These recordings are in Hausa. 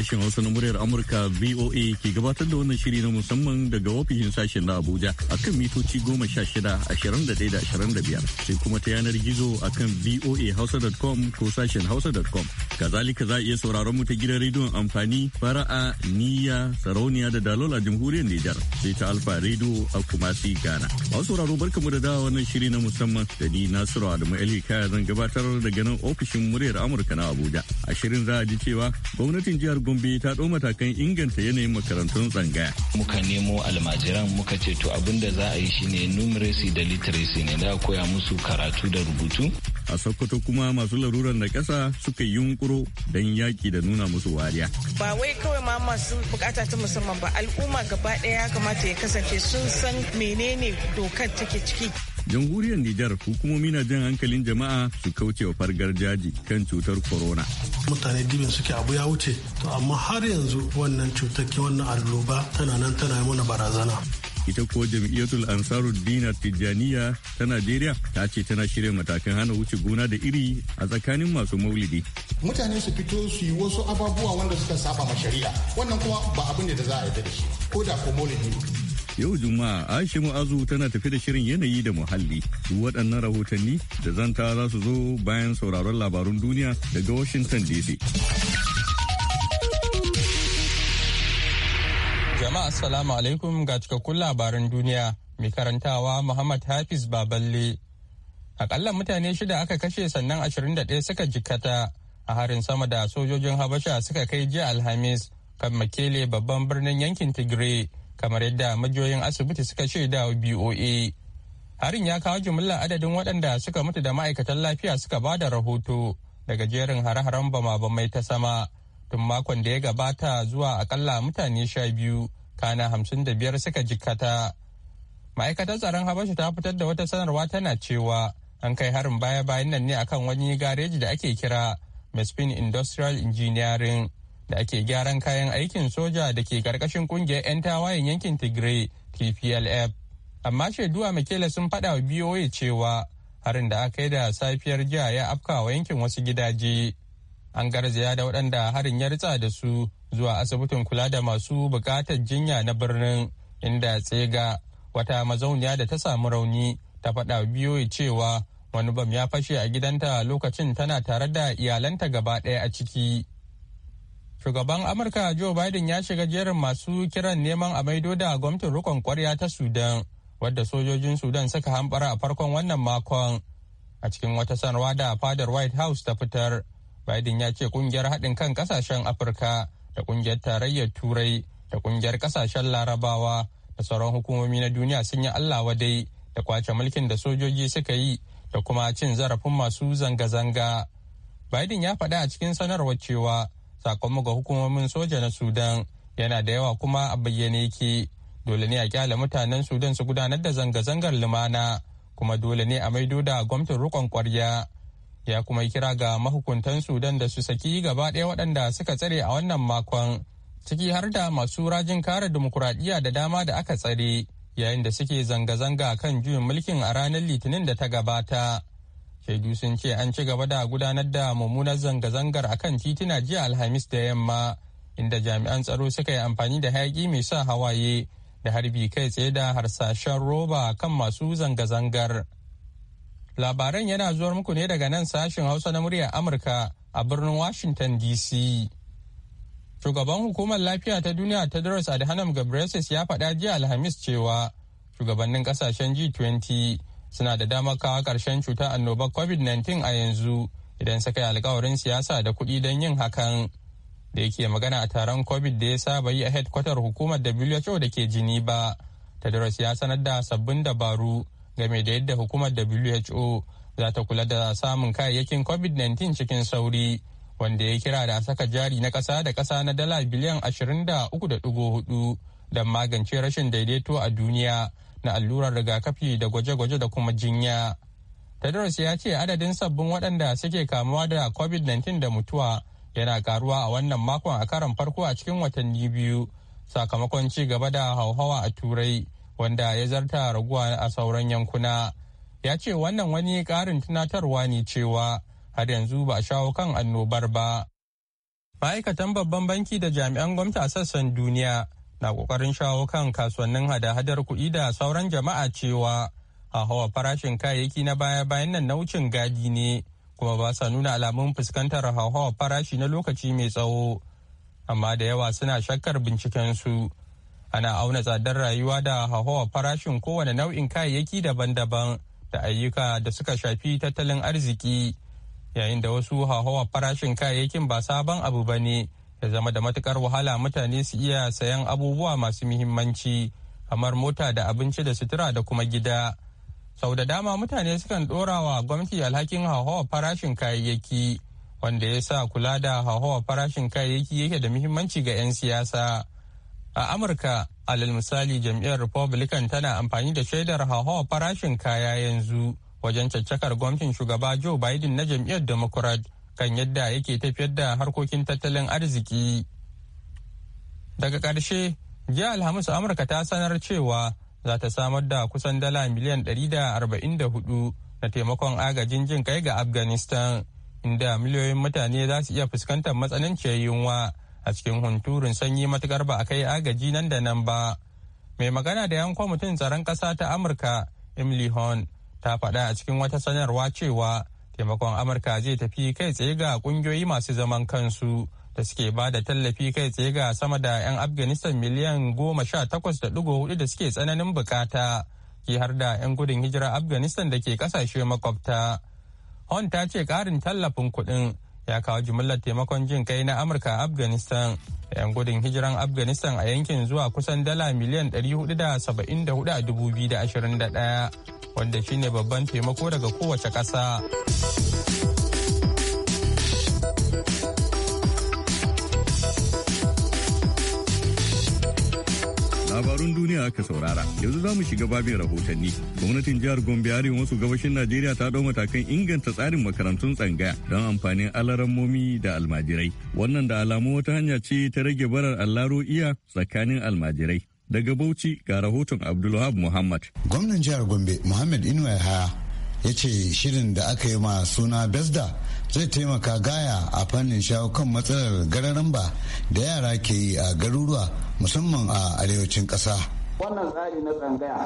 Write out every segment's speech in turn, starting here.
sashen Hausa na muryar Amurka VOA ke gabatar da wannan shiri na musamman daga ofishin sashen na Abuja akan mitoci goma sha shida ashirin da da da biyar sai kuma ta yanar gizo akan voahausa.com ko sashen hausa.com Kazalika za a iya sauraron mu ta gidan rediyon amfani fara'a niyya sarauniya da dalola jamhuriyar Nijar sai ta alfa rediyo a kumasi Ghana. Masu sauraro barkamu da dawa wannan shiri na musamman da ni Nasiru Adamu Ali kaya zan gabatar daga nan ofishin muryar Amurka na Abuja. A shirin za a ji cewa gwamnatin jihar Gombe ta ɗau matakan inganta yanayin makarantun tsangaya. Muka nemo almajiran muka ce to abin da za a yi shine numeracy da literacy ne da koya musu karatu da rubutu. A Sokoto kuma masu laruran da ƙasa suka yi tsaro don yaki da nuna musu wariya. Ba wai kawai ma masu bukata ta musamman ba al'umma gaba ɗaya ya kamata ya kasance sun san menene dokar take ciki. Jamhuriyar Nijar hukumomi na jan hankalin jama'a su kauce wa fargar jaji kan cutar corona. Mutane dibin suke abu ya wuce, to amma har yanzu wannan cutar wannan alloba tana nan tana mana barazana. ita ko jam'iyyatul ansarud dina tijjaniya ta najeriya ta ce tana shirya matakan hana wuce gona da iri a tsakanin masu maulidi mutane su fito su yi wasu ababuwa wanda suka saba ma shari'a wannan kuma ba abin da za a yi da shi ko da ko maulidi Yau Juma'a Aisha Mu'azu tana tafi da shirin yanayi da muhalli. duk Waɗannan rahotanni da zanta za su zo bayan sauraron labarun duniya daga Washington DC. Jama'a Assalamu alaikum ga cikakkun labaran duniya mai karantawa Muhammad Hafiz Baballe. Akalla mutane shida aka kashe sannan ashirin 21 suka jikkata a harin sama da sojojin Habasha suka kai jiya Alhamis kan Makele babban birnin yankin Tigray kamar yadda majiyoyin asibiti suka ce da BOA. Harin ya kawo jimillar adadin waɗanda suka mutu da ma'aikatan lafiya suka ba da rahoto daga jerin hare-haren bama-bamai ta sama. tun makon da ya gabata zuwa akalla mutane sha biyu kana hamsin da biyar suka jikkata ma'aikatar tsaron habasha ta fitar da wata sanarwa tana cewa an kai harin baya bayan nan ne akan wani gareji da ake kira mespin industrial engineering da ake gyaran kayan aikin soja da ke karkashin kungiyar 'yan tawayen yankin tigray tplf amma shaidu a mikela sun fada wa boa cewa harin da aka yi da safiyar jiya ya afkawa yankin wasu gidaje an garzaya da waɗanda harin ya ritsa da su zuwa asibitin kula da masu buƙatar jinya na birnin inda tsega wata mazauniya da ta samu rauni ta faɗa biyoyi cewa wani bam ya fashe a gidanta lokacin tana tare da iyalanta gaba ɗaya a ciki shugaban amurka joe biden ya shiga jerin masu kiran neman a maido da gwamnatin rikon kwarya ta sudan wadda sojojin sudan suka hambara a farkon wannan makon a cikin wata sanarwa da fadar white house ta fitar Biden ya ce kungiyar haɗin kan ƙasashen Afirka da kungiyar tarayyar Turai da kungiyar ƙasashen Larabawa da sauran hukumomi na duniya sun yi Allah wadai da kwace mulkin da sojoji suka yi da kuma cin zarafin masu zanga-zanga. Biden ya faɗa a cikin sanarwar cewa sakon ga hukumomin soja na Sudan yana da yawa kuma a bayyane ke dole ne a kyale mutanen Sudan su gudanar da zanga-zangar lumana kuma dole ne a maido da gwamnatin riƙon kwarya. ya kuma kira ga mahukuntan sudan da su saki gaba ɗaya waɗanda suka tsare a wannan makon ciki har da masu rajin kare dimokuraɗiyya da dama da aka tsare yayin da suke zanga-zanga kan juyin mulkin a ranar litinin da ta gabata shaidu sun ce an ci gaba da gudanar da mummunar zanga-zangar a kan titina jiya alhamis da yamma inda jami'an tsaro suka yi amfani da hayaki mai sa hawaye da harbi kai tsaye da harsashen roba kan masu zanga-zangar. Labaran yana zuwar muku ne daga nan sashen Hausa na muryar Amurka a birnin Washington DC. Shugaban hukumar lafiya ta duniya ta Doris Adhanom Ghebreyesus ya faɗa jiya Alhamis cewa shugabannin kasashen G20 suna da damar kawo ƙarshen cutar annobar COVID-19 a yanzu idan suka yi alkawarin siyasa da kuɗi don yin hakan. Da yake magana a taron COVID da ya saba yi a hedkwatar hukumar WHO da ke jini Geneva, Tadros ya sanar da sabbin dabaru game da yadda hukumar who za ta kula da samun kayayyakin covid-19 cikin sauri wanda ya kira da saka jari na ƙasa da ƙasa na dala biliyan 23.4 don magance rashin daidaito a duniya na allurar rigakafi da gwaje-gwaje da kuma jinya. Tedros ya ce adadin sabbin waɗanda suke kamuwa da covid-19 da mutuwa yana karuwa a wannan makon a karon farko a cikin watanni biyu sakamakon ci gaba da hauhawa a turai wanda ya zarta raguwa a sauran yankuna ya ce wannan wani ƙarin tunatarwa ne cewa har yanzu ba a shawo kan annobar ba ma'aikatan babban banki da jami'an gwamnati a sassan duniya na ƙoƙarin shawo kan kasuwannin hada-hadar kuɗi da sauran jama'a cewa a hawa farashin kayayyaki na baya-bayan nan na wucin gadi ne kuma ba sa nuna alamun fuskantar hauhawar farashi na lokaci mai tsawo amma da yawa suna shakkar bincikensu ana auna tsadar rayuwa da hauhawar farashin kowane nau'in kayayyaki daban-daban da ayyuka da suka shafi tattalin arziki yayin da wasu hauhawar farashin kayayyakin ba sabon abu ba ne ya zama da matukar wahala mutane su iya sayan abubuwa masu muhimmanci kamar mota da abinci da sutura da kuma gida sau da dama mutane sukan ɗora wa gwamnati alhakin hauhawar farashin kayayyaki wanda ya sa kula da hauhawar farashin kayayyaki yake da muhimmanci ga 'yan siyasa a amurka alal misali jam'iyyar republican tana amfani da shaidar hauhawar farashin kaya yanzu wajen caccakar gwamnatin shugaba joe biden na jam'iyyar democrat kan yadda yake tafiyar da harkokin tattalin arziki daga ƙarshe jiya alhamis amurka ta sanar cewa za ta samar da kusan dala miliyan 144 na taimakon agajin jin kai ga afghanistan inda miliyoyin mutane za su iya fuskantar matsananciyar yunwa a cikin hunturun sanyi matukar ba a kai agaji nan da nan ba mai magana da yan kwamitin tsaron ƙasa ta amurka emily horn ta faɗa a cikin wata sanarwa cewa taimakon amurka zai tafi kai tsaye ga ƙungiyoyi masu zaman kansu da suke ba da tallafi kai tsaye ga sama da 'yan afghanistan miliyan goma sha takwas da ɗigo hudu da suke tsananin bukata ke har da 'yan gudun hijira afghanistan da ke ƙasashe makwabta hon ta ce ƙarin tallafin kuɗin ya kawo jimillar taimakon jin kai na amurka a afghanistan yan gudun hijiran afghanistan a yankin zuwa kusan dala miliyan 474 a 2021 wanda shine babban taimako daga kowace ƙasa. labarun duniya aka saurara. Yanzu za mu shiga babin rahotanni. Gwamnatin jihar Gombe arewa wasu gabashin Najeriya ta ɗau matakan inganta tsarin makarantun tsangaya don amfanin alarammomi da almajirai. Wannan da alamu wata hanya ce ta rage barar allaro iya tsakanin almajirai. Daga Bauchi ga rahoton Abdulwahab Muhammad. Gwamnan jihar Gombe Muhammad Inuwa ya ce shirin da aka yi ma suna Besda zai taimaka gaya a fannin shawo kan matsalar gararamba da yara ke yi a garuruwa musamman a arewacin ƙasa. wannan tsari na tsangaya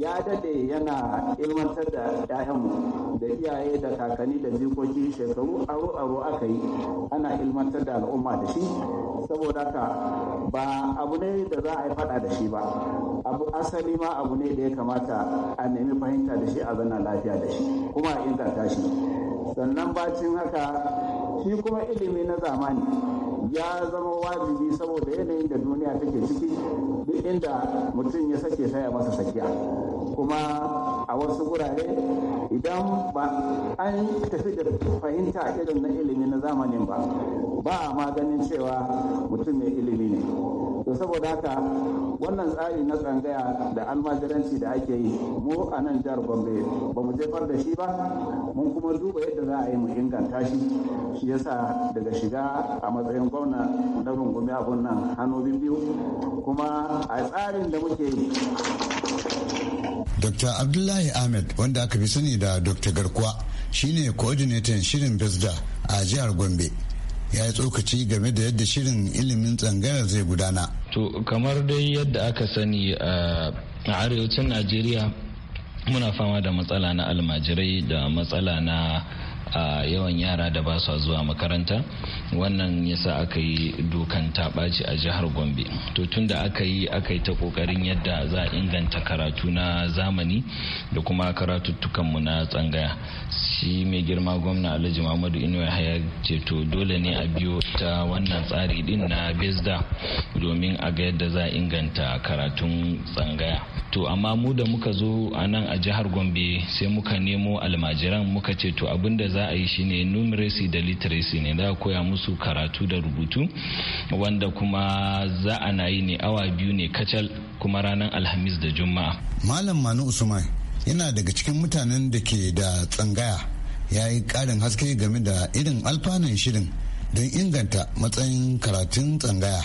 ya dade yana ilmantar da 'ya'yanmu da iyaye da kakanni da jikoki shekaru aro-aro aka yi ana ilmantar da al'umma da shi saboda ka ba abu ne da za a yi fada da shi ba abu asali ma abu ne da ya kamata a nemi fahimta da shi a zana lafiya da shi kuma a inganta shi sannan bacin haka shi kuma ilimi na zamani ya zama wajibi saboda yanayin da duniya take ciki duk inda mutum ya sake saya masa sakiya kuma a wasu gurare idan ba an tafi da fahimta irin na ilimi na zamanin ba ba a maganin cewa mutum mai ilimi ne to saboda haka wannan tsari na tsangaya da almajiranci da ake yi mu a nan jihar gombe ba mu jefar da shi ba mun kuma duba yadda za a yi mu inganta shi shi yasa daga shiga a matsayin gwamna na rungumi abun nan hannu biyu kuma a tsarin da muke yi dr abdullahi ahmed wanda aka fi sani da dr garkuwa shine coordinator shirin besda a jihar gombe ya yi tsokaci game da yadda shirin ilimin tsangayar zai gudana to kamar dai yadda aka sani a arewacin najeriya muna fama da matsala na almajirai da matsala na a yawan yara da ba su zuwa makaranta wannan yasa aka yi dokan taɓaci a jihar gombe to tun da aka yi aka yi ta kokarin yadda za a inganta karatu na zamani da kuma karatuttukanmu na tsangaya shi mai girma gwamna alhaji muhammadu inuwa haya ce to dole ne a biyo ta wannan tsari din na bezda domin a ga yadda za a inganta karatun tsangaya to amma mu da muka zo a nan a jihar gombe sai muka nemo almajiran muka ce to abinda za a yi shine numeracy da literacy ne za a koya musu karatu da rubutu wanda kuma za a na yi ne awa biyu ne kacal kuma ranar alhamis da juma'a malam manu usman yana daga cikin mutanen da ke da tsangaya ya yi karin haske game da irin alfanun shirin don inganta matsayin karatun tsangaya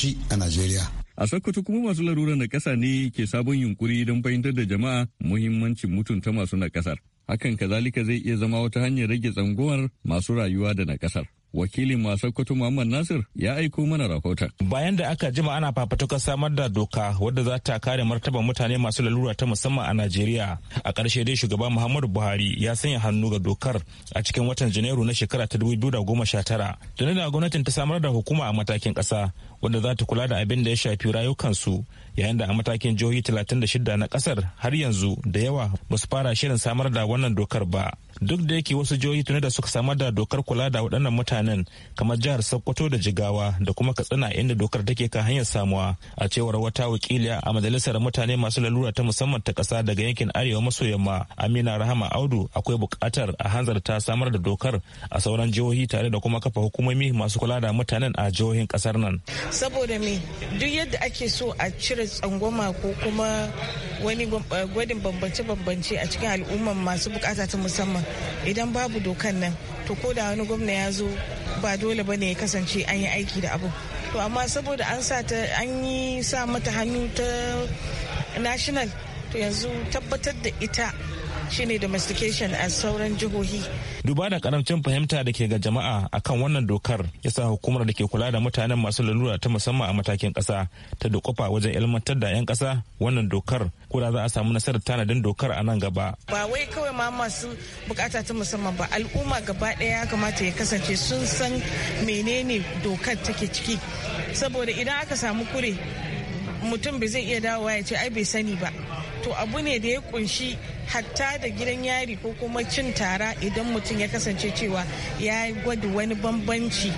likitoci a Najeriya. A Sokoto kuma masu larura na ƙasa ne ke sabon yunkuri don fahimtar da jama'a muhimmancin mutunta masu na ƙasar. Hakan kazalika zai iya zama wata hanyar rage tsangowar masu rayuwa da na ƙasar. wakilin masu kwatu Muhammad Nasir ya aiko mana rahoton. Bayan da aka jima ana fafatukar samar da doka wadda za ta kare martaba mutane masu lalura ta musamman a Najeriya. A ƙarshe dai shugaba Muhammadu Buhari ya sanya hannu ga dokar a cikin watan Janairu na shekara ta 2019. Tuni da gwamnatin ta samar da hukuma a matakin ƙasa wadda za ta kula da abin da ya shafi rayukansu yayin da a matakin jihohi talatin da shida na ƙasar har yanzu da yawa ba su fara shirin samar da wannan dokar ba. duk da yake wasu jihohi tuni da suka samar da dokar kula da waɗannan mutanen kamar jihar sokoto da jigawa da kuma katsina inda dokar take kan hanyar samuwa a cewar wata wakiliya a majalisar mutane masu lalura ta musamman ta ƙasa daga yankin arewa maso yamma amina rahama audu akwai buƙatar a hanzarta samar da dokar a sauran jihohi tare da kuma kafa hukumomi masu kula da mutanen a jihohin ƙasar nan saboda me duk yadda ake so a cire tsangwama ko kuma wani gwadin eh, bambance-bambance a cikin al'ummar masu bukata ta musamman idan babu dokan nan to ko da wani gwamna ya zo ba dole ba ne ya kasance an yi aiki da abu to amma saboda an sa ta an yi sa mata hannu ta national to yanzu tabbatar da ita shine domestication a sauran jihohi. Duba da karamcin fahimta da ke ga jama'a akan wannan dokar ya sa hukumar da ke kula da mutanen masu lalura ta musamman a matakin kasa ta dokofa wajen ilmantar da 'yan kasa wannan dokar ko da za a samu nasarar tanadin dokar a nan gaba. Ba wai kawai ma masu bukata ta musamman ba al'umma gaba ɗaya ya kamata ya kasance sun san menene dokar take ciki saboda idan aka samu kure mutum bai zai iya dawowa ya ce ai bai sani ba to abu ne da ya kunshi hatta da gidan yari ko kuma cin tara idan mutum ya kasance cewa ya gwada wani bambanci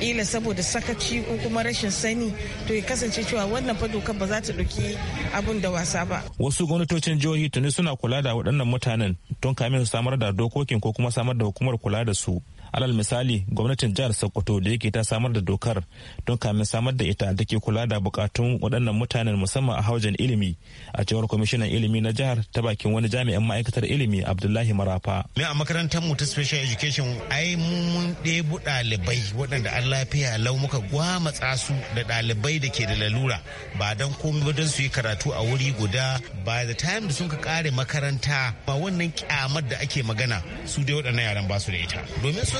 kila saboda sakaci ko kuma rashin sani to ya kasance cewa wannan fa dokar ba za ta ɗauki abun da wasa ba. Wasu gwamnatocin jihohi tuni suna kula da waɗannan mutanen tun kamin su samar da dokokin ko kuma samar da hukumar kula da su. alal misali gwamnatin jihar sokoto da yake ta samar da dokar don kamin samar da ita da ke kula da bukatun waɗannan mutanen musamman a haujan ilimi a cewar kwamishinan ilimi na jihar ta bakin wani jami'in ma'aikatar ilimi abdullahi marafa ne a makarantar mu ta special education ai mun ɗebu ɗalibai waɗanda an lafiya lau muka gwamatsa su da ɗalibai da ke da lalura ba don komai ba don su yi karatu a wuri guda ba da time da sun ka kare makaranta ba wannan kyamar da ake magana su dai waɗannan yaran ba su da ita domin su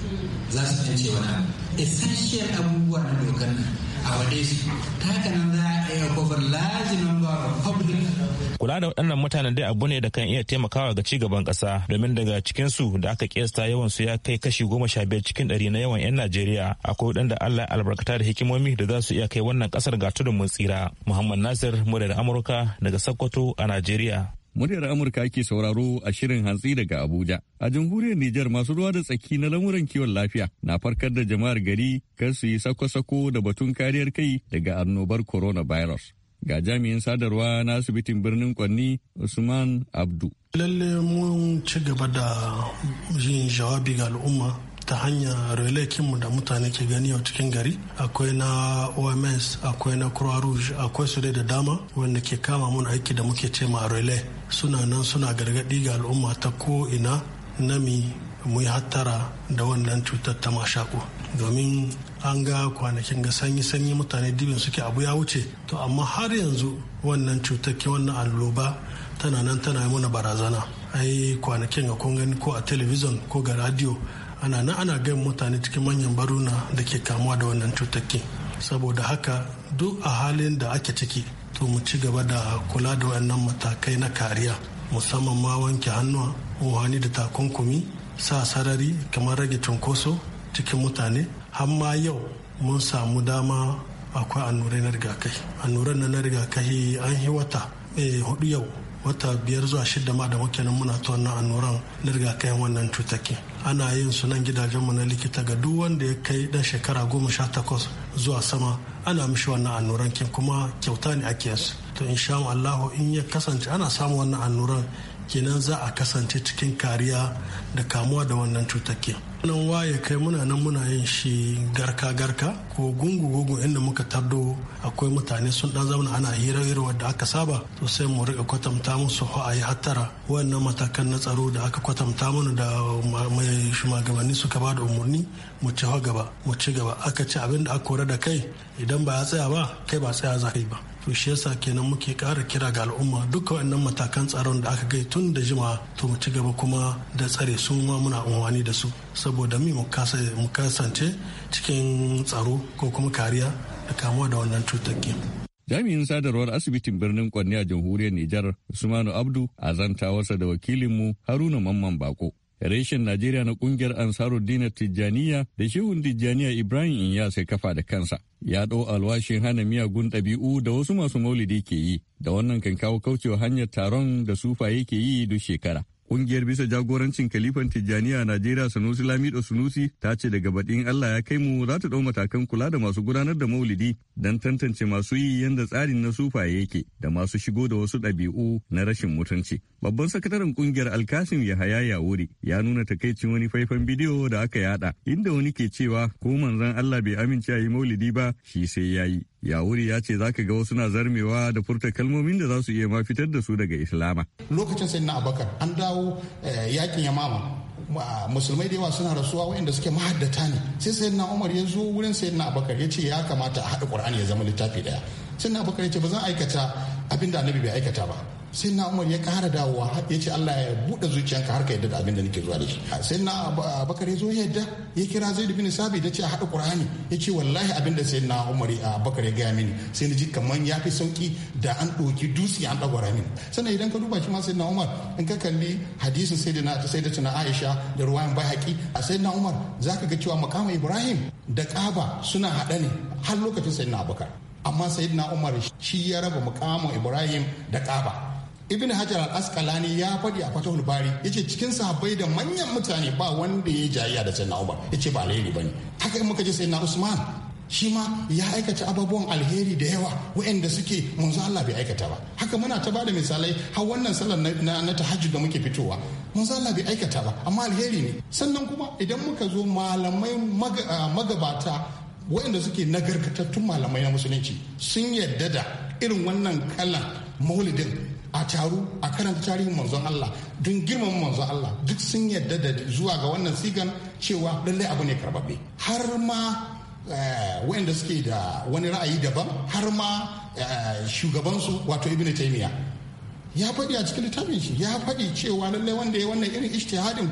za su tance wani abu isasshen abubuwa na dokar nan a wade su ta haka nan za a iya kofar large number of public kula da waɗannan mutanen dai abu ne da kan iya taimakawa ga cigaban ƙasa domin daga cikinsu da aka kiyasta yawan su ya kai kashi goma sha biyar cikin ɗari na yawan 'yan najeriya akwai waɗanda allah albarkata da hikimomi da za su iya kai wannan ƙasar ga tudun mun tsira muhammad nasir muryar amurka daga sokoto a najeriya Muryar Amurka ke sauraro a shirin hantsi daga Abuja. A jamhuriyar Nijar masu ruwa da tsaki na lamuran kiwon lafiya na farkar da jama'ar gari kar su yi sako-sako da batun kariyar kai daga annobar coronavirus. Ga jami'in sadarwa na asibitin birnin Kwanni Usman Abdu. lallai mun ci gaba da yin jawabi ga al'umma ta hanyar relay kinmu da mutane ke gani a cikin gari akwai na oms akwai na croix rouge akwai su dai da dama wanda ke kama mun aiki da muke ce ma relay suna nan suna gargaɗi ga al'umma ta ko ina nami mu yi hattara da wannan cutar ta mashako domin an ga kwanakin ga sanyi-sanyi mutane dibin suke abu ya wuce to amma har yanzu wannan cutar ke wannan alloba tana nan tana yi mana barazana ai kwanakin ga kun gani ko a telebijin ko ga radio ana nan ana gan mutane cikin manyan baruna da ke kamuwa da wannan cutaki saboda haka duk a halin da ake ciki to mu ci gaba da kula da wannan matakai na kariya musamman ma wanke hannuwa wani da takunkumi sa sarari kamar rage cunkoso cikin mutane har ma yau mun samu dama akwai annurai na rigakai annuran na rigakai an yi wata eh, hudu yau wata biyar zuwa shida ma da muke nan muna ta wannan annuran na rigakai wannan cutakin ana yin sunan gidajenmu na likita ga duk wanda ya kai dan shekara goma sha takwas zuwa sama ana mishi wannan annuran kin kuma kyauta ne ake yansu to sha allahu in ya kasance ana samun wannan annuran kenan za a kasance cikin kariya da kamuwa da wannan cutar nan waye kai muna nan muna yin shi garka-garka ko gungu-gungu inda muka tardo akwai mutane sun dan zauna ana hira-hira wadda aka saba to sai mu rika kwatanta musu ho a hattara wannan matakan na tsaro da aka kwatanta mana da mai shugabanni suka ba da umarni mu ci gaba mu ci gaba aka ci abin da aka kore da kai idan ba ya tsaya ba kai ba tsaya za kai ba to shi yasa kenan muke kara kira ga al'umma duka wannan matakan tsaron da aka gai tun da jima to mu ci gaba kuma da tsare su ma muna unwani da su saboda mi mu kasance cikin tsaro ko kuma kariya da kamuwa da wannan cutakin. Jami'in sadarwar asibitin birnin Kwanne a jamhuriyar Nijar Usmanu Abdu a wasa da wakilinmu Haruna Mamman Bako. Reshen Najeriya na kungiyar Ansaruddin Tijjaniya da Shehun Tijjaniya Ibrahim in ya kafa da kansa. Ya ɗau alwashin hana miyagun ɗabi'u da wasu masu maulidi ke yi, da wannan kan kawo kaucewa hanyar taron da sufaye ke yi duk shekara. Kungiyar bisa jagorancin kalifan Tijjaniya a Najeriya Sanusi Lamido Sunusi ta ce daga baɗin Allah ya kai mu za ta ɗau matakan kula da masu gudanar da maulidi don tantance masu yi yadda tsarin na sufaye yake da masu shigo da wasu ɗabi'u na rashin mutunci. Babban sakataren kungiyar Alkasim Yahaya Yawuri ya nuna takaicin wani faifan bidiyo da aka yada inda wani ke cewa ko manzon Allah bai amince a yi maulidi ba shi sai ya yi. Yawuri ya ce zaka ga wasu na zarmewa da furta kalmomin da za su iya ma fitar da su daga Islama. Lokacin sai na Abakar an dawo eh, yakin Yamama musulmai da yawa suna rasuwa waɗanda suke mahaddata ne sai sai na Umar ya zo wurin sai na Abakar ya ce ya kamata a haɗa ƙurani ya zama littafi ɗaya. Sai na Abakar ya ce ba zan aikata abin da Annabi bai aikata ba. sai na umar ya kara dawowa ya ce allah ya buɗe zuciyanka har ka yadda da abin da nake zuwa da shi sai na bakar ya zo ya yadda ya kira zai bin sabi da ce a haɗa ƙur'ani ya ce wallahi abin da sai na umar a bakar ya gaya mini sai na ji kamar ya fi sauki da an ɗoki dusi an ɗagwara mini sannan idan ka duba shi ma sai na umar in ka kalli hadisin sai da ta sai da tuna aisha da ruwayan bai haƙi a sai na umar za ka ga cewa makama ibrahim da kaba suna haɗa ne har lokacin sai na abubakar amma sayyidina umar shi ya raba mukamin ibrahim da kaba ibn hajar al-asqalani ya faɗi a fatahul bari ce cikin sahabbai da manyan mutane ba wanda ya jayya da sayyidina umar ce ba alheri bane haka in muka ji sayyidina usman shi ma ya aikata ababuwan alheri da yawa waɗanda suke manzo Allah bai aikata ba haka muna ta bada misalai har wannan sallar na, na tahajjud da muke fitowa manzo Allah bai aikata ba amma alheri ne sannan kuma idan muka zo malamai ah, magabata waɗanda suke nagarkatattun malamai na musulunci sun yarda da irin wannan kalan maulidin a taru a karanta tarihin manzon Allah don girman manzon Allah duk sun yadda da zuwa ga wannan sigan cewa lallai abu ne karbabbe har ma eh, waɗanda suke da wani ra'ayi daban har ma eh, shugabansu wato ibn taymiya ya faɗi a cikin littafin shi ya faɗi cewa lallai wanda ya wannan irin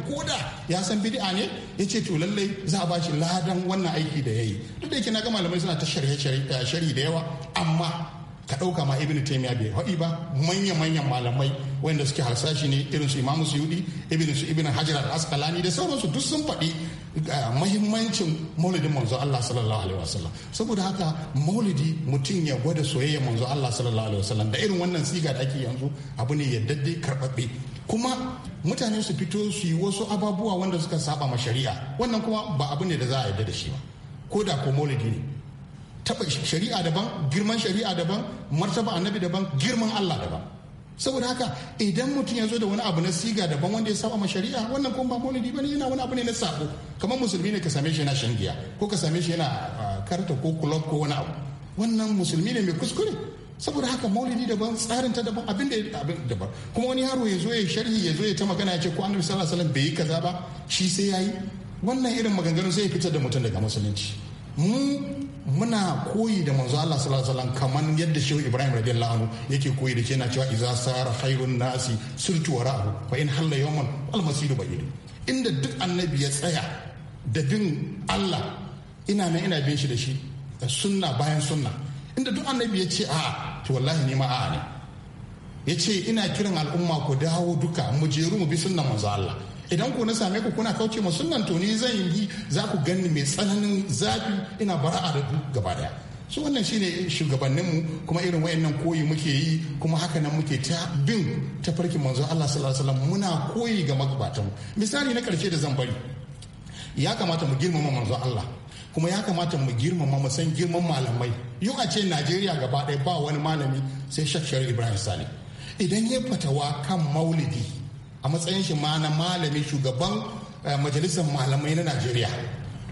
ko koda ya san bid'a ne ya ce to lallai za a ba shi ladan wannan aiki da ya yi duk da yake na ga malamai suna ta shari'a eh, da yawa amma ka ɗauka ma ibn taymiya bai haɗi ba manya manyan malamai wanda suke harsashi ne irin su imamu yudi ibn su ibn hajar al-asqalani da sauransu duk sun faɗi ah, mahimmancin maulidin manzo Allah sallallahu alaihi wasallam saboda haka maulidi mutum ya gwada soyayya manzo Allah sallallahu alaihi wasallam da irin wannan siga da ake yanzu abu ne ya yaddadde karɓaɓɓe kuma mutane su fito su yi wasu ababuwa wanda suka saba ma shari'a wannan kuma ba abu ne da za a yadda da shi ba ko da ko maulidi ne taba shari'a daban girman shari'a daban martaba annabi daban girman Allah daban saboda haka idan mutum ya zo da wani abu na siga daban wanda ya saba ma shari'a wannan kuma ba ne bane yana wani abu ne na sako kamar musulmi ne ka same shi yana shangiya ko ka same shi yana karta ko kulob ko wani abu wannan musulmi ne mai kuskure saboda haka maulidi daban tsarin ta daban abin da abin daban kuma wani yaro ya zo ya sharhi ya zo ya ta magana ya ce ko annabi sallallahu alaihi wasallam bai yi kaza ba shi sai yayi wannan irin maganganun sai ya fitar da mutum daga musulunci mu muna koyi da manzo Allah sallallahu alaihi wasallam kamar yadda Shehu Ibrahim radiyallahu anhu yake koyi da shi yana cewa iza sara khairun nasi sirtu wara'ahu fa in halla yawman al masiru bayyin inda duk annabi ya tsaya da bin Allah ina nan ina bin shi da shi sunna bayan sunna inda duk annabi ya ce a to wallahi ni ma a'a ne ya ce ina kiran al'umma ku dawo duka mu jeru mu bi sunna manzo Allah idan ku na same ku kuna kauce ma sunan to ni zan yi za ku ganni mai tsananin zafi ina bara'a da gaba daya su wannan shine shugabanninmu kuma irin wayannan koyi muke yi kuma haka nan muke ta bin ta farkin manzon Allah sallallahu alaihi muna koyi ga magabatan misali na karshe da zan bari ya kamata mu girmama manzon Allah kuma ya kamata mu girmama mu san girman malamai yau a ce Najeriya gaba ɗaya ba wani malami sai Sheikh Ibrahim Sani idan ya fatawa kan maulidi a matsayin shi ma na malami shugaban eh, majalisar malamai na najeriya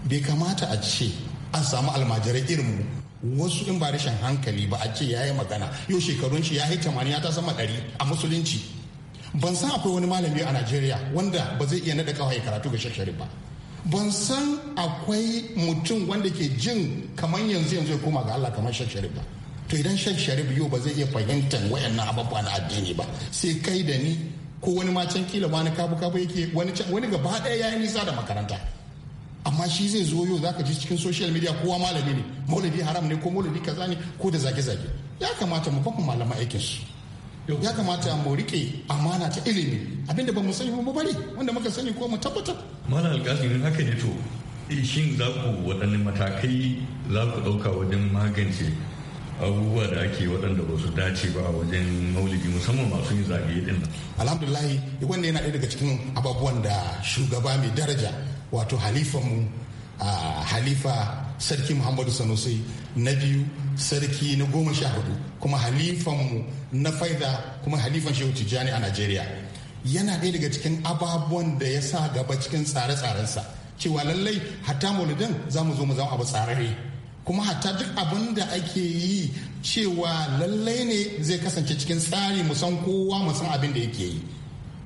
bai kamata a ce an samu almajirai irin mu wasu in ba rashin hankali ba a ce ya yi magana yau shekarun shi ya yi tamani ya ta sama ɗari a musulunci ban san akwai wani malami a najeriya wanda ba zai iya naɗa kawai karatu ga shashari ba ban san akwai mutum wanda ke jin kamar yanzu yanzu ya koma ga allah kamar shashari ba to idan shashari yau ba zai iya fahimtar wayannan abubuwa na addini ba sai kai da ni ko wani ma kila ma kabu kabu yake wani wani gaba ɗaya ya yi nisa da makaranta amma shi zai zo yau zaka ji cikin social media kowa malami ne maulidi haram ne ko maulidi kaza ne ko da zage zage ya kamata mu fafa malama aikin su ya kamata mu rike amana ta ilimi abinda ba mu sani mu bari wanda muka sani ko mu tabbatar malam alƙasirin haka ne to eh, shin za ku waɗanne matakai za ku ɗauka wajen magance abubuwa da ake waɗanda ba su dace ba a wajen maulidi musamman masu yin zage din nan. alhamdulahi wanda yana ɗaya daga cikin ababuwan da shugaba mai daraja wato mu halifa sarki muhammadu sanusi na biyu sarki na goma sha hudu kuma halifan mu na faida kuma halifan shehu tijjani a najeriya yana ɗaya daga cikin ababuwan da ya sa gaba cikin tsare-tsarensa cewa lallai hatta maulidin za mu zo mu zama abu tsararre kuma hatta duk abin da ake yi cewa lallai ne zai kasance cikin tsari musan kowa musan abin da yake yi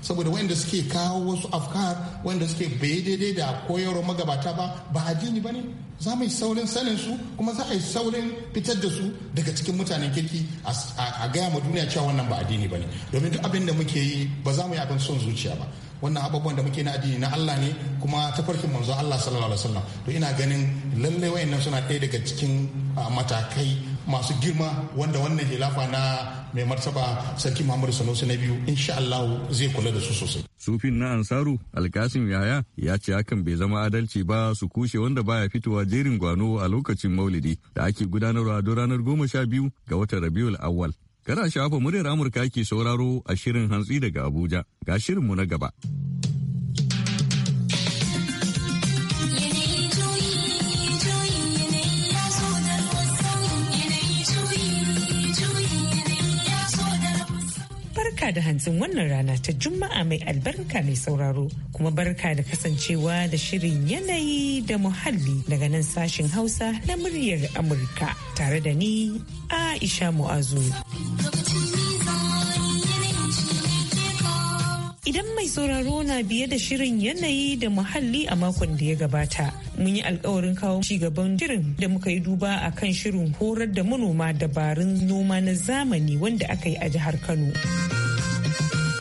saboda wanda suke kawo wasu afkar wanda suke bai daidai da koyarwa magabata ba ba addini ba ne za mu yi saurin sanin su kuma za a yi saurin fitar da su daga cikin mutanen kirki a gaya ma duniya cewa wannan ba addini ba ne domin duk abin da muke yi ba za mu yi abin son zuciya ba wannan abubuwan da muke na addini na Allah ne kuma tafarkin manzo Allah sallallahu alaihi wasallam to ina ganin lalle wayannan suna ɗaya daga cikin ah, matakai masu girma wanda wannan hilafa na mai martaba sarki Muhammadu Sanusi na biyu insha Allah zai kula da su sosai sufin na ansaru alkasim yaya ya ce hakan bai zama adalci ba su kushe wanda baya fitowa jerin gwano a lokacin maulidi da ake gudanarwa don ranar goma sha biyu ga watan rabiul awwal Kana shafa muryar Amurka ke sauraro a shirin hantsi daga Abuja ga shirinmu na gaba. barka da hantsin wannan rana ta Juma'a mai albarka mai sauraro kuma barka da kasancewa da shirin yanayi da muhalli daga nan sashen Hausa na muryar Amurka tare da ni Aisha Mu'azu. Idan mai sauraro na biye da shirin yanayi da muhalli a makon da ya gabata, mun yi alkawarin kawo gaban shirin da muka yi duba a kan shirin horar da manoma dabarun noma na zamani wanda aka yi a jihar Kano.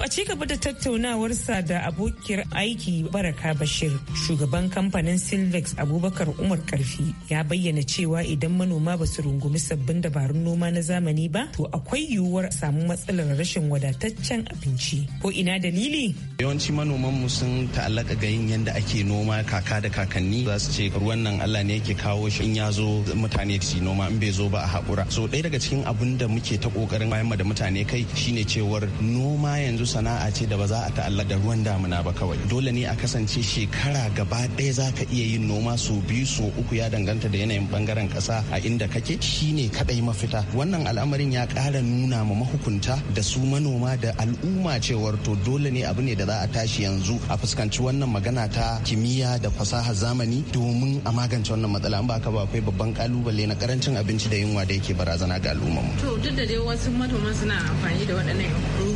a ci gaba da tattaunawarsa da abokiyar aiki baraka bashir shugaban kamfanin silvex abubakar umar karfi ya bayyana cewa idan manoma ba su rungumi sabbin dabarun noma na zamani ba to akwai yiwuwar samu matsalar rashin wadataccen abinci ko ina dalili yawanci manoman mu sun ta'allaka ga yin yadda ake noma kaka da kakanni za su ce ruwan nan allah ne yake kawo shi in ya zo mutane su noma in bai zo ba a haƙura so ɗaya daga cikin abin da muke ta ƙoƙarin bayan da mutane kai shine cewar noma yanzu sana'a ce da ba za a ta'alla da ruwan damuna ba kawai dole ne a kasance shekara gaba ɗaya za ka iya yin noma su biyu su uku ya danganta da yanayin bangaren ƙasa a inda kake shine kadai mafita wannan al'amarin ya ƙara nuna ma mahukunta da su manoma da al'umma cewar to dole ne abu ne da za a tashi yanzu a fuskanci wannan magana ta kimiyya da fasaha zamani domin a magance wannan matsala an ba ka ba akwai babban kalubale na karancin abinci da yunwa da yake barazana ga al'umma to duk da dai wasu manoman suna amfani da waɗannan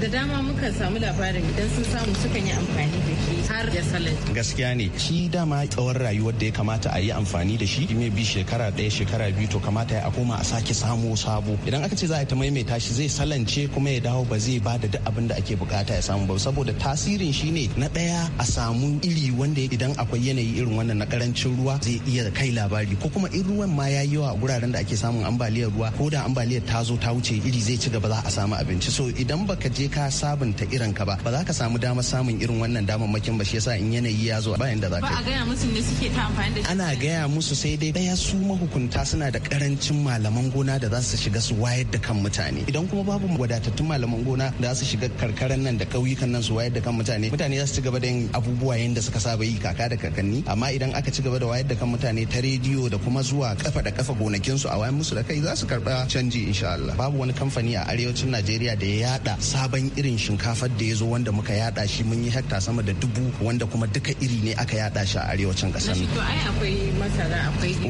da dama mukan samu labarin idan sun samu sukan yi amfani da shi har da salad gaskiya ne shi dama tsawon rayuwar da ya kamata a yi amfani da shi me bi shekara ɗaya shekara biyu to kamata ya koma a sake samu sabo idan aka ce za a ta maimaita shi zai salance kuma ya dawo ba zai ba da duk abin da ake bukata ya samu ba saboda tasirin shi ne na ɗaya a samu iri wanda idan akwai yanayi irin wannan na karancin ruwa zai iya kai labari ko kuma in ruwan ma ya yi yawa a guraren da ake samun ambaliyar ruwa ko da ambaliyar ta zo ta wuce iri zai ci gaba za a samu abinci so idan idan baka je ka sabunta irin ka ba ba za ka samu dama samun irin wannan damammakin ba shi yasa in yanayi ya zo bayan da za ka ba a gaya musu ne suke ta amfani da shi ana gaya musu sai dai daya su mahukunta suna da karancin malaman gona da za su shiga su wayar da kan mutane idan kuma babu wadatattun malaman gona da za su shiga karkaran nan da kauyukan nan su wayar da kan mutane mutane za su ci gaba da yin abubuwa yanda suka saba yi kaka da kakanni amma idan aka ci gaba da wayar da kan mutane ta rediyo da kuma zuwa kafa da kafa su a wayar musu da kai za su karba canji insha Allah babu wani kamfani a arewacin Najeriya da ya yada da sabon irin shinkafar da ya zo wanda muka yada shi mun yi hekta sama da dubu wanda kuma duka iri ne aka yada shi a arewacin kasar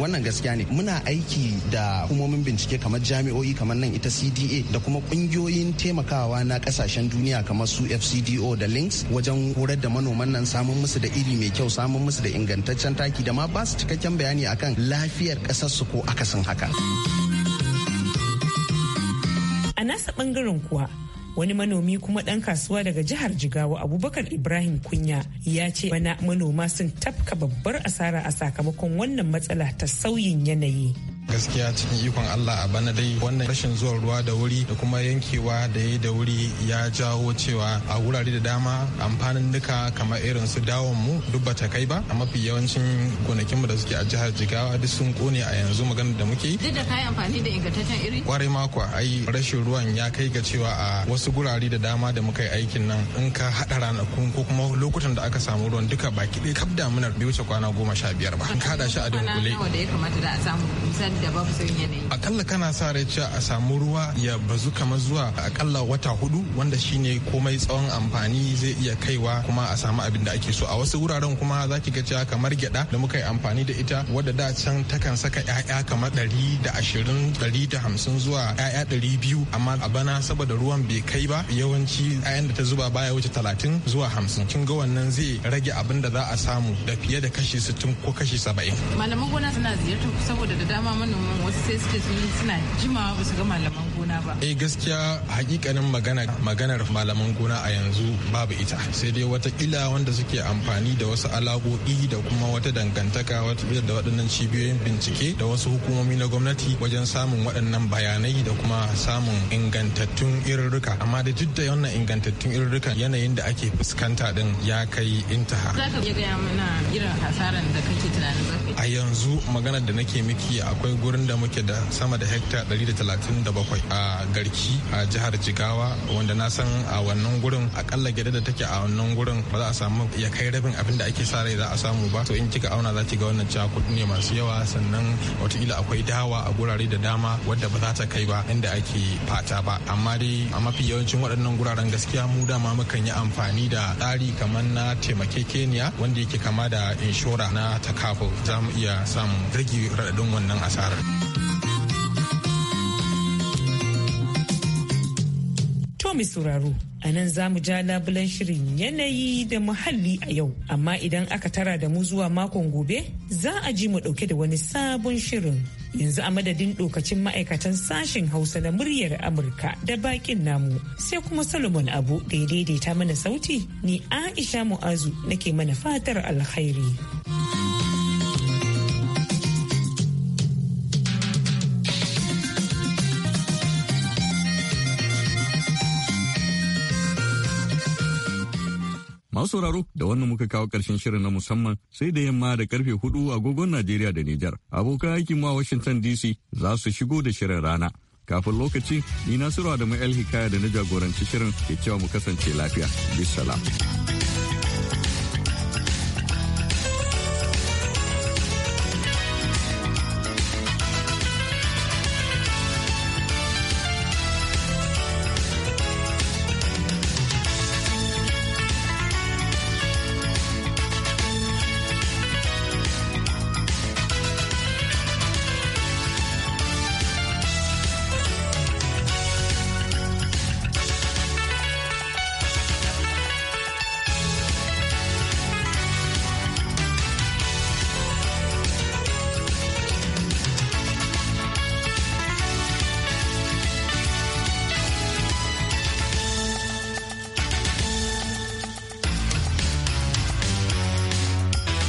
wannan gaskiya ne muna aiki da hukumomin bincike kamar jami'o'i kamar nan ita cda da kuma kungiyoyin taimakawa na kasashen duniya kamar su fcdo da links wajen horar da manoman nan samun musu da iri mai kyau samun musu da ingantaccen taki da ma ba su cikakken bayani akan lafiyar kasarsu ko akasin haka. A nasa bangaren kuwa wani manomi kuma ɗan kasuwa daga jihar jigawa abubakar ibrahim kunya ya ce bana manoma sun tafka babbar asara a sakamakon wannan matsala ta sauyin yanayi gaskiya cikin ikon Allah a bana dai wannan rashin zuwan ruwa da wuri da kuma yankewa da ya da wuri ya jawo cewa a wurare da dama amfanin duka kamar irin su dawon mu duk bata kai ba a mafi yawancin gonakinmu da suke a jihar Jigawa duk sun kone a yanzu maganar da muke duk da kai amfani da ingantaccen iri kwarai mako ai rashin ruwan ya kai ga cewa a wasu gurare da dama da muka yi aikin nan in ka haɗa ranakun ko kuma lokutan da aka samu ruwan duka baki ɗaya kaf damunar bai wuce kwana goma sha biyar ba in ka hada shi a dunkule da da babu sauyin yanayi akalla kana sa rai cewa a samu ruwa ya bazu kamar zuwa akalla wata hudu wanda shine komai tsawon amfani zai iya kaiwa kuma a samu abin da ake so a wasu wuraren kuma za ki ga cewa kamar gyada da muka yi amfani da ita wadda da can takan saka ƴaƴa kamar ɗari da ashirin ɗari da hamsin zuwa ƴaƴa ɗari biyu amma a bana saboda ruwan bai kai ba yawanci 'ya'yan da ta zuba baya wuce talatin zuwa hamsin kin ga wannan zai rage abin da za a samu da fiye da kashi sittin ko kashi saba'in malaman gona suna ziyartar saboda da dama mun manoman wasu sai su suna jimawa ba su ga malaman gona ba eh gaskiya hakikanin magana maganar malaman gona a yanzu babu ita sai dai wata kila wanda suke amfani da wasu alaƙoƙi da kuma wata dangantaka wata da waɗannan cibiyoyin bincike da wasu hukumomi na gwamnati wajen samun waɗannan bayanai da kuma samun ingantattun irurruka amma da duk da wannan ingantattun irurrukan yanayin da ake fuskanta din ya kai intaha za ka iya gaya mana irin hasaran da kake tunanin za a yanzu maganar da nake miki akwai gurin da muke da sama da hekta 137 a garki a jihar jigawa wanda na san a wannan gurin akalla gida da take a wannan gurin ba za a samu ya kai rabin abin da ake sa rai za a samu ba to in kika auna za ki ga wannan cewa kuɗi ne masu yawa sannan watakila akwai dawa a gurare da dama wadda ba za ta kai ba inda ake fata ba amma dai a mafi yawancin waɗannan guraren gaskiya mu dama mukan yi amfani da tsari kamar na taimakekeniya wanda yake kama da inshora na takafo za mu iya samun rage raɗaɗin wannan asarar. mai sauraro a nan za mu ja labulan shirin yanayi da muhalli a yau amma idan aka tara da mu zuwa makon gobe za a ji mu dauke da wani sabon shirin yanzu a madadin dokacin ma'aikatan sashen hausa na muryar amurka da bakin namu sai kuma solomon abu da ya daidaita mana sauti ni aisha mu'azu nake mana fatar alkhairi. Masu sauraro da wannan muka kawo ƙarshen shirin na musamman sai da yamma da karfe hudu agogon Najeriya da Nijar. Abokan aikin ma Washington DC za su shigo da shirin rana. Kafin lokaci, ni Nasiru Adamu yan Hikaya da na jagoranci shirin ke cewa mu kasance lafiya. Bisalam.